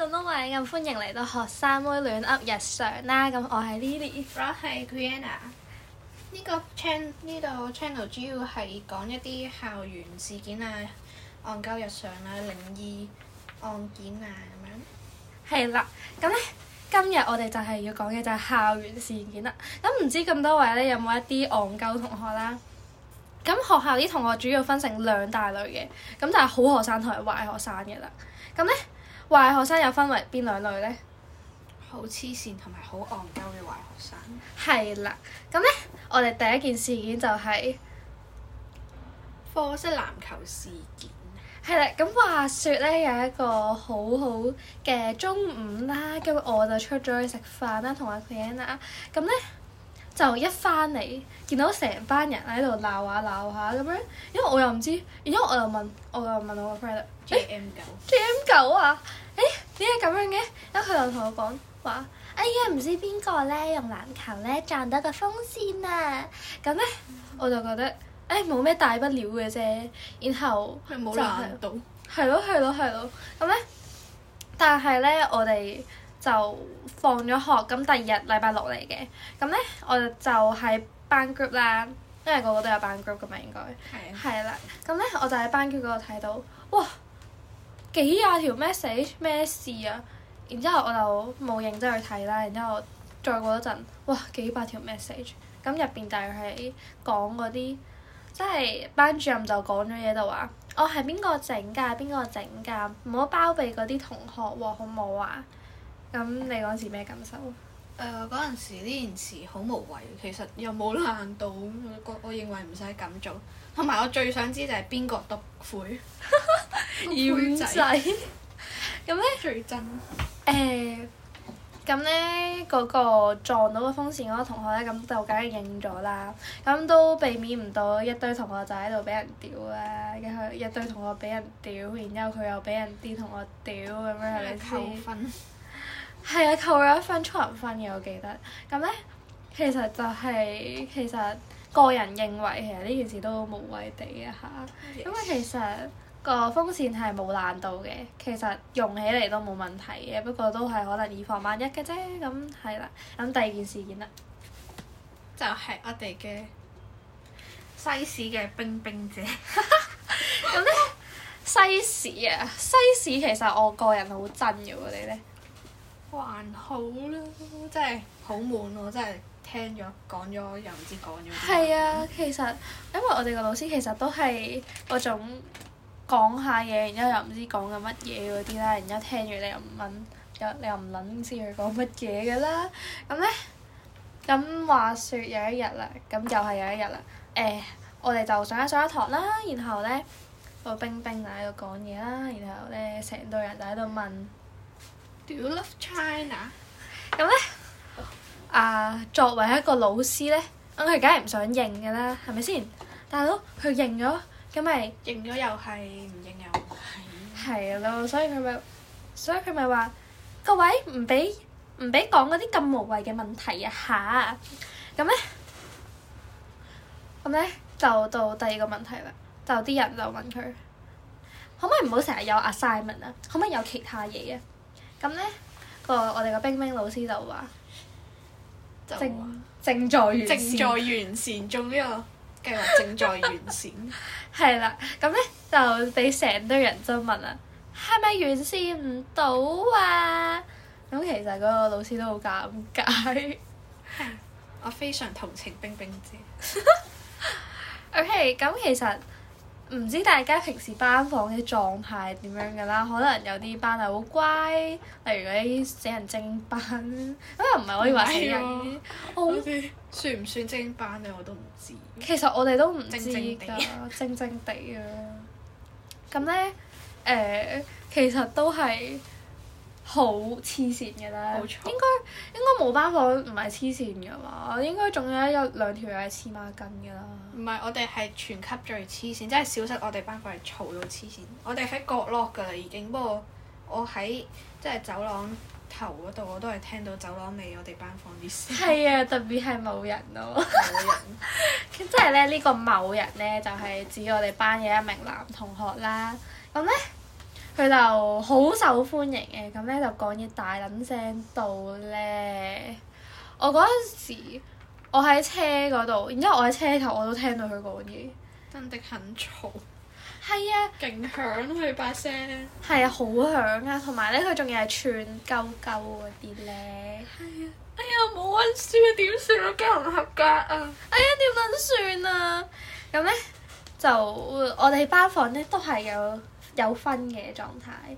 咁多位咁歡迎嚟到學生妹 Up 日常啦、啊！咁我係 Lily，我係 r i a n a 呢、這個 channel 呢度 channel 主要係講一啲校園事件啊、案鳩日常啊、靈異案件啊咁樣。係啦，咁咧今日我哋就係要講嘅就係校園事件啦。咁唔知咁多位咧有冇一啲案鳩同學啦？咁學校啲同學主要分成兩大類嘅，咁就係好學生同埋壞學生嘅啦。咁咧？壞學生又分為邊兩類咧？好黐線同埋好戇鳩嘅壞學生。係啦，咁咧我哋第一件事件就係課室籃球事件。係啦，咁話說咧有一個好好嘅中午啦，咁我就出咗去食飯啦，同我 friend 咁咧就一翻嚟，見到成班人喺度鬧下鬧下咁樣，因為我又唔知，然之後我又問，問我又問我個 friend，J M 九，J M 九啊！點解咁樣嘅？因佢又同我講話，哎呀唔知邊個咧用籃球咧撞到個風扇啊！咁咧我就覺得，誒冇咩大不了嘅啫。然後冇難度，係咯，係咯、就是，係咯。咁咧，但係咧，我哋就放咗學。咁第二日禮拜六嚟嘅。咁咧，我就就喺班 group 啦，因為個個都有班 group 噶嘛，應該係啊。係啦的。咁咧，我就喺班 group 嗰度睇到，哇！幾廿條 message 咩事啊？然之後我就冇認真去睇啦。然之後再過一陣，哇幾百條 message，咁入邊就係講嗰啲，即係班主任就講咗嘢就話，我係邊個整㗎？邊個整㗎？唔好包庇嗰啲同學喎，好冇啊！咁你嗰時咩感受？誒嗰陣時呢件事好無謂，其實又冇難度。我我認為唔使咁做。同埋我最想知就係邊、 嗯那個奪魁？演仔咁咧？徐震誒咁咧，嗰個撞到個風扇嗰個同學咧，咁就梗係認咗啦。咁都避免唔到一堆同學就喺度俾人屌啦。然後一堆同學俾人屌，然之後佢又俾人啲同學屌咁樣係咪扣分？係啊，就是 嗯，扣咗一分，出人分嘅我記得。咁咧，其實就係、是、其實。其實個人認為其實呢件事都無謂地下 Yes. 因為其實個風扇係冇難度嘅，其實用起嚟都冇問題嘅，不過都係可能以防萬一嘅啫。咁係啦，咁第二件事件啦，就係我哋嘅西市嘅冰冰姐。咁 咧 西市啊，西市其實我個人好憎嘅，我哋咧，還好啦，真係好悶咯，啊，真係。聽咗講咗又唔知講咗，係啊！其實因為我哋個老師其實都係嗰種講下嘢，然之後又唔知講緊乜嘢嗰啲啦，然之後聽住你又唔問又你又唔諗知佢講乜嘢嘅啦，咁咧，咁話説有一日啦，咁又係有一日啦，誒我哋就上一上一堂啦，然後咧個冰冰就喺度講嘢啦，然後咧成堆人就喺度問，Do you love China？咁咧？啊，uh, 作為一個老師咧，佢梗係唔想認嘅啦，係咪先？大佬，佢認咗，咁咪認咗又係唔認又係。係咯，所以佢咪，所以佢咪話：各位唔俾唔俾講嗰啲咁無謂嘅問題啊吓，咁咧，咁咧就到第二個問題啦，就啲人就問佢：可唔可以唔好成日有 assignment 啊？可唔可以有其他嘢啊？咁咧，個我哋個冰冰老師就話。正，正在完善中，呢個計劃正在完善。係啦，咁咧就俾成堆人質問啊，係咪完善唔 到啊？咁其實嗰個老師都好尷尬。 我非常同情冰冰姐。 OK，咁其實。唔知大家平時班房嘅狀態係點樣㗎啦？可能有啲班係好乖，例如嗰啲死人精班，啊、可能唔係我以話為死人我好似算唔算精班咧？我都唔知。其實我哋都唔知㗎，正正地啊！咁咧，誒、呃，其實都係。好黐線嘅喇，冇錯，應該應該冇班房唔係黐線噶嘛，應該仲有一兩條友係黐孖筋噶啦。唔係，我哋係全級最黐線，即係小息我哋班房係嘈到黐線。我哋喺角落㗎啦已經，不過我喺即係走廊頭嗰度，我都係聽到走廊尾我哋班房啲事。係啊，特別係某人咯、啊，某人， 即係咧呢個某人咧就係、係、指我哋班嘅一名男同學啦。咁咧？佢就好受歡迎嘅，咁咧就講嘢大撚聲到咧。我嗰陣時我，我喺車嗰度，然之後我喺車頭，我都聽到佢講嘢。真的很吵。係啊，勁響佢把聲。係啊，好響啊！同埋咧，佢仲要係串鳩鳩嗰啲咧。係啊！哎呀，冇溫書啊，點算啊？驚唔合格啊！哎呀，點撚算啊？咁咧就我哋班房咧都係有。有分嘅狀態，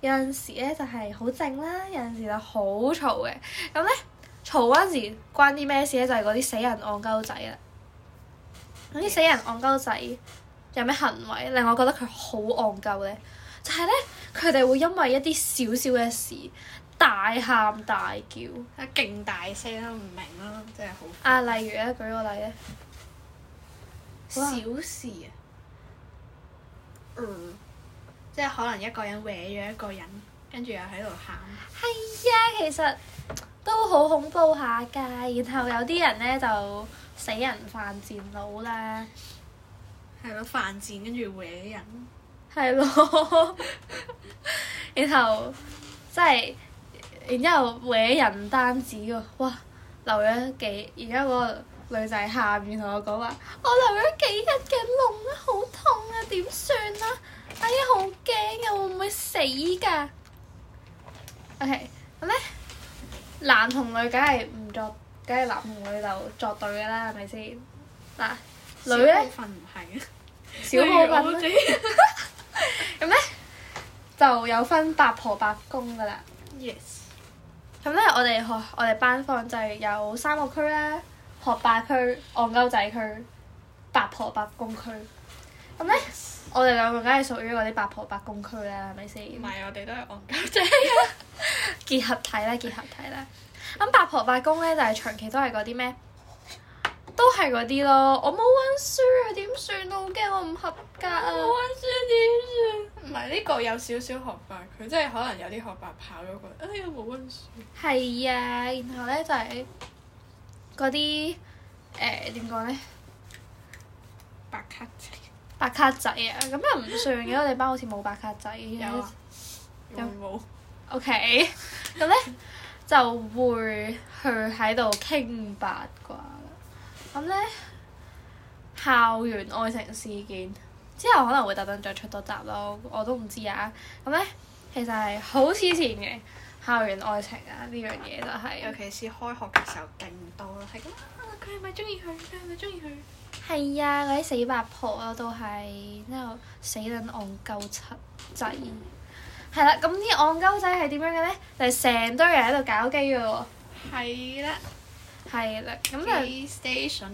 有陣時咧就係好靜啦，有陣時就好嘈嘅。咁咧嘈嗰陣時關啲咩事咧？就係嗰啲死人戇鳩仔啦。嗰啲 Yes. 死人戇鳩仔有咩行為令我覺得佢好戇鳩咧？就係咧佢哋會因為一啲小小嘅事大喊大叫，勁大聲啦，唔明啦，即係好。啊，例如咧舉個例咧，哇小事時。嗯。即係可能一個人搲咗一個人，跟住又喺度喊。係啊，其實都好恐怖下㗎。然後有啲人咧就死人犯賤佬啦。係咯、啊，犯賤跟住搲人。係咯是、啊。 然後，即係，然之後搲人唔單止喎，哇！留咗幾，而家嗰個女仔下面同我講話，我留咗幾日嘅窿啊，好痛啊，點算？你噶，O.K. 咁咧，男同女梗係唔作，梗係男同女就作對噶啦，係咪先？嗱、啊，女咧。小部分唔係啊。小部分少女。咁咧，就有分八婆八公噶啦。Yes、嗯。咁、欸、咧，我哋學我哋班房就係有三個區啦、啊：學霸區、憨鳩仔區、八婆八公區。咁咧，Yes. 我哋兩個梗係屬於嗰啲八婆八公區啦，係咪先？唔係，我哋都係按鳩仔戇鳩仔啊！結合體啦，結合體啦。咁八婆八公咧，就係、是、長期都係嗰啲咩？都係嗰啲咯，我冇溫書啊，點算啊？我驚我唔合格啊！冇溫書點算？唔係呢個有少少學霸，佢即係可能有啲學霸跑咗過、那個，哎呀冇溫書。係啊，然後咧就係嗰啲誒點講咧？呃、呢白卡白卡仔啊，咁又唔算嘅，我哋班好似冇白卡仔、啊啊、有有又冇？OK，咁咧就會去喺度傾八卦啦。咁咧，校園愛情事件之後可能會特登再出多集咯，我都唔知啊。咁咧，其實係好黐線嘅校園愛情啊呢樣嘢就係、係，尤其是開學嘅時候勁多啦、啊，係咁啊佢係咪中意佢？佢係咪中意佢？係啊，嗰啲死八婆啊，都係呢個死撚戇鳩柒仔。係、嗯、啦，咁啲戇鳩仔係點樣嘅咧？就係成堆人喺度搞基嘅喎。係 啦。係啦、啊。咁就。gay station。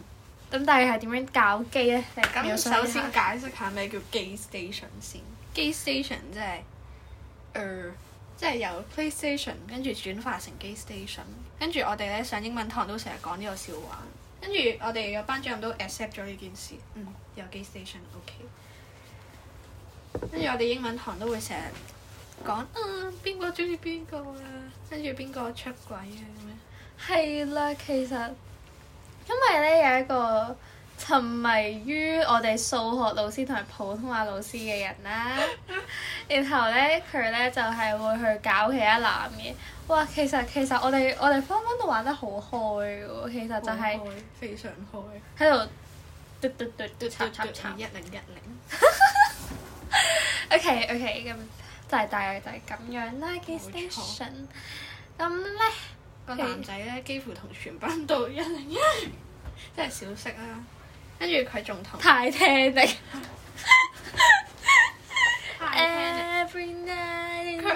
咁但係係點樣搞基咧？咁 首先解釋下咩叫 gay station 先。gay station 即係。誒，即係由 PlayStation 跟住轉化成 gay station，跟住我哋咧上英文堂都成日講呢個笑話。跟住我哋嘅班主任都 accept 咗呢件事，嗯，郵寄 station，OK, okay。跟住我哋英文堂都會成日講，啊，邊個中意邊個啊？跟住邊個出軌啊咁樣。係啦，其實因為咧有一個。沉迷於我哋數學老師同埋普通話老師嘅人啦， 然後咧佢咧就係、是、會去搞其他男嘅。哇，其實其實我哋我哋班班都玩得好開嘅，其實就係非常開，喺度嘟嘟嘟嘟插插插一零一零。 OK OK，咁就係大概就係咁樣啦。Station，咁咧個男仔咧幾乎同全班都一零一，真係 小息啦、啊。 跟住佢仲同太聽力，佢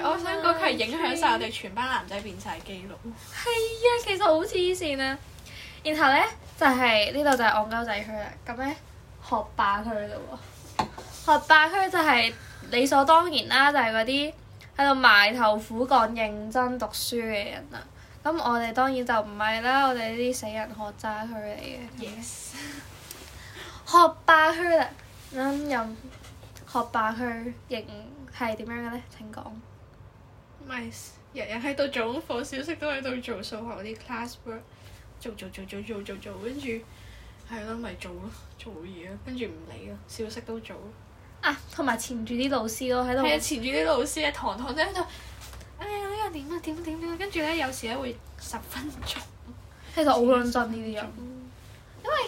我想講佢係影響晒我哋全班男仔變晒基佬。係啊，其實好黐線啊！然後呢，就係呢度就係戇鳩仔區啦，咁呢，學霸區嘞喎，學霸區就係理所當然啦，就係嗰啲喺度埋頭苦幹、認真讀書嘅人啦。咁我哋當然就唔係啦，我哋呢啲死人學渣區嚟嘅。Yes. 學霸佢啦，咁又學霸佢型係點樣嘅咧？請講、e。咪日日喺度做功課，小息都喺度做數學啲、這個、classwork，做做做做做做做，跟住係咯，咪、就是、做咯，做嘢咯，跟住唔理咯，小息都做。啊，同埋纏住啲老師咯，喺度對。係啊，纏住啲老師啊，堂堂都喺度。哎呀，呢、這個點啊，點啊點啊，跟住咧有時咧會十分鐘。其實好卵憎呢啲人。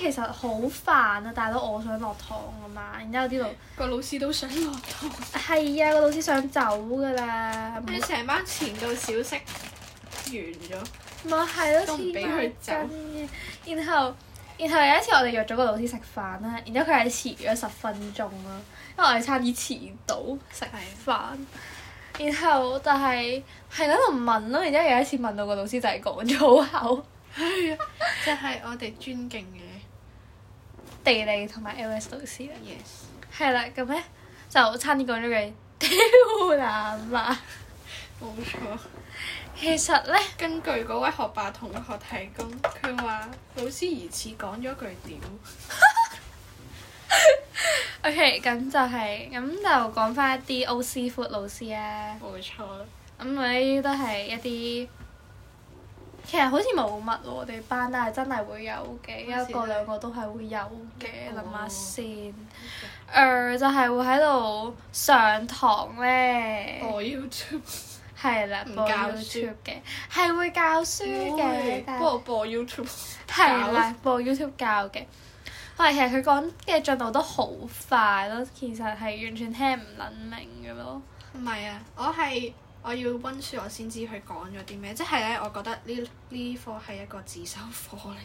其實好煩啊！大佬，我想落堂啊嘛，然之後啲老個老師都想落堂，係啊，個老師想走噶啦，成、嗯、是班前到小息完咗，冇係咯，都唔俾佢走。然後，然後有一次我哋約咗個老師食飯啦，然之後佢係遲咗十分鐘咯，因為我哋差啲遲到食係飯。對然後就係係喺度問咯，然之後有一次問到個老師就係講粗口，係啊，就係我哋尊敬嘅。地理同埋 LS 老師啦，係啦 Yes.，咁咧就差點講咗句屌啦嘛，冇錯。 其實咧呢，根據嗰位學霸同學提供，佢話老師疑似講咗句屌。 O.K.，咁就係、是、咁就講翻一啲 OC Food 老師啊，冇錯。咁呢啲都係一啲。其實好似冇乜喎，我哋班都係真係會有嘅，一個兩個都係會有嘅，諗、哦、下先。誒 Okay.、呃，就係、是、會喺度上堂咧。播 YouTube。係啦了，教播 YouTube 嘅，係會教書嘅，欸、但不過播 YouTube。係啦了，播 YouTube 教嘅。喂，其實佢講嘅進度都好快咯，其實係完全聽唔撚明嘅咯。唔係啊，我係。我要溫書，我先知佢講咗啲咩，即係咧，我覺得呢呢課係一個自修課嚟。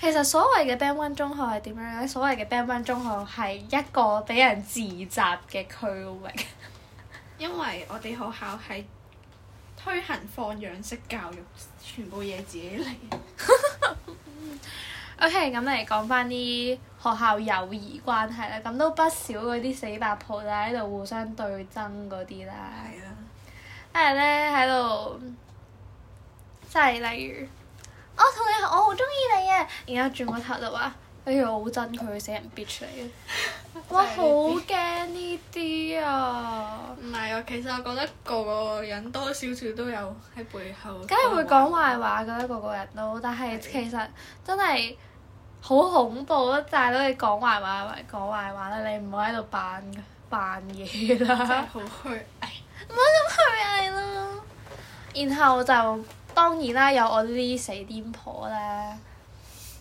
其實所謂嘅 band one 中學係點樣咧？所謂嘅 band one 中學係一個俾人自習嘅區域。 因為我哋學校係推行放養式教育，全部嘢自己嚟。OK，咁嚟講翻啲學校友誼關係啦，咁都不少嗰啲死八婆就喺度互相對爭嗰啲啦。係啦。係咧，喺度、嗯，即係例如，我、哦、同你，我好中意你啊！而家轉個頭就話，哎呀好憎佢，死人憋出嚟啊！哇，好驚呢啲啊！唔係啊，其實我覺得個個人多少少都有喺背後，梗係會講壞話，㗎啦，個個人都，但係其實真係好恐怖咯！就係你講壞話，講壞話啦，你唔好喺度扮扮嘢啦～真係好虛。唔好咁虛偽咯，然後就當然啦，有我呢啲死癲婆啦。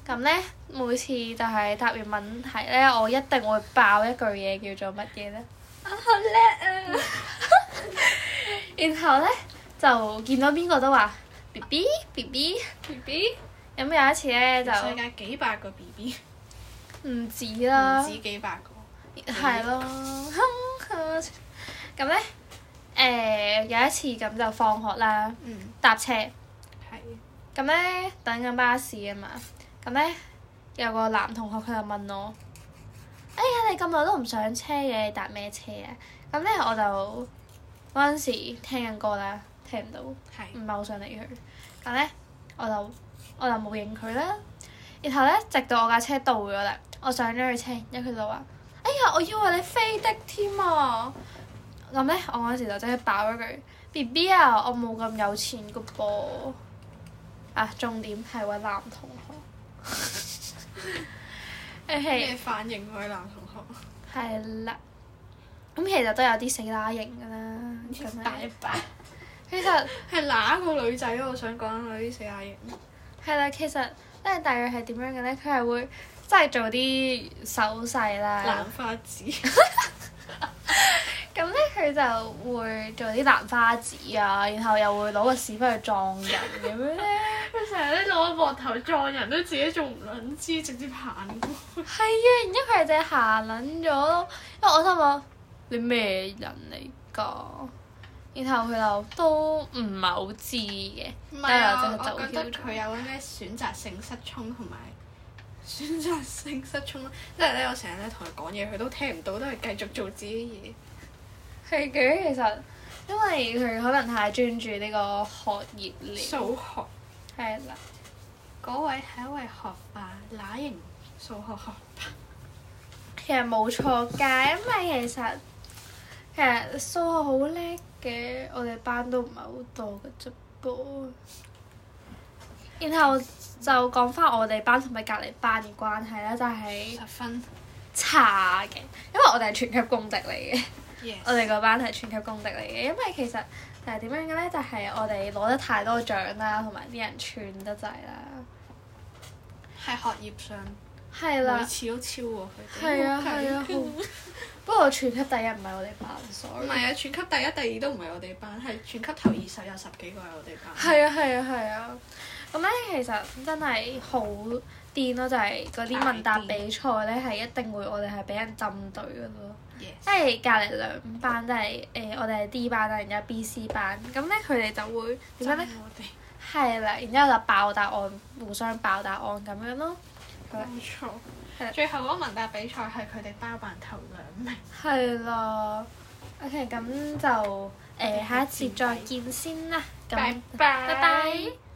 咁呢，每次就係答完問題呢，我一定會爆一句嘢叫做乜嘢呢？我好叻啊！然後呢，就見到邊個都話，B，B，B，B，B，B。有冇 BB 有一次呢？就 BB？世界幾百個 B，B。唔止啦。唔止幾百個。係咯。咁呢。誒、呃、有一次咁就放學啦，嗯、搭車，咁咧是等緊巴士啊嘛，咁咧有個男同學佢就問我：哎呀你咁耐都唔上車嘅，搭咩車啊？咁咧我就嗰陣時聽緊歌啦，聽唔到，唔係好想理佢，咁咧我就我就冇應佢啦。然後咧直到我架車到咗啦，我上咗佢車，然後佢就話：哎呀我以為你飛的添啊！咁咧，我嗰時就真係爆咗句，B B 啊，我冇咁有，有錢個噃。啊，重點係位男同學。咩 反應？位男同學。係啦。咁其實都有啲死乸型噶啦，一大一白。 其實係哪個女仔我想講嗰啲死乸型。係啦，其實即係大約係點樣嘅咧？佢係會即係做啲手勢啦。蘭花指。 佢就會做啲蘭花指啊，然後又會攞個屎忽去撞人咁樣咧。佢成日咧攞個膊頭撞人都自己仲唔卵知，直接行過。係啊，然之後佢就淨係行卵咗。因為我心諗你咩人嚟㗎？然後佢就都唔係好知嘅。唔係啊，我覺得佢有啲咩選擇性失聰同埋選擇性失聰咯。即係咧，我成日咧同佢講嘢，佢都聽唔到，都係繼續做自己嘢。係嘅，其實因為佢可能太專注呢個學業了。數學。係啦。嗰位係一位學霸，乸型數學學霸。其實冇錯㗎，因為其實其實數學好叻嘅，我哋班都唔係好多嘅啫噃。然後就講翻我哋班同埋隔離班嘅關係啦，就係十分差嘅，因為我哋係全級公敵嚟嘅。Yes. 我哋個班係全級公敵嚟嘅，因為其實係點樣嘅咧？就係、是、我哋攞得太多獎啦，同埋啲人串得滯啦，係學業上啦每次都超過佢哋。係啊係啊。啊啊 不過全級第一唔係我哋班，所唔係啊！全級第一、第二都唔係我哋班，係全級頭二十有十幾個係我哋班。係啊係啊係啊！咁咧、啊啊嗯、其實真係好。癲咯，就係嗰啲問答比賽咧，係一定會我哋係俾人針對噶咯。即係隔離兩班都係誒、呃，我哋係 D 班啦，然之後 BC 班，咁咧佢哋就會點樣咧？係啦，然之後就爆答案，互相爆答案咁樣咯。冇錯，係的。最後嗰問答比賽係佢哋包辦頭兩名。係咯。OK，咁就誒，呃、下一次再見先啦。拜拜。那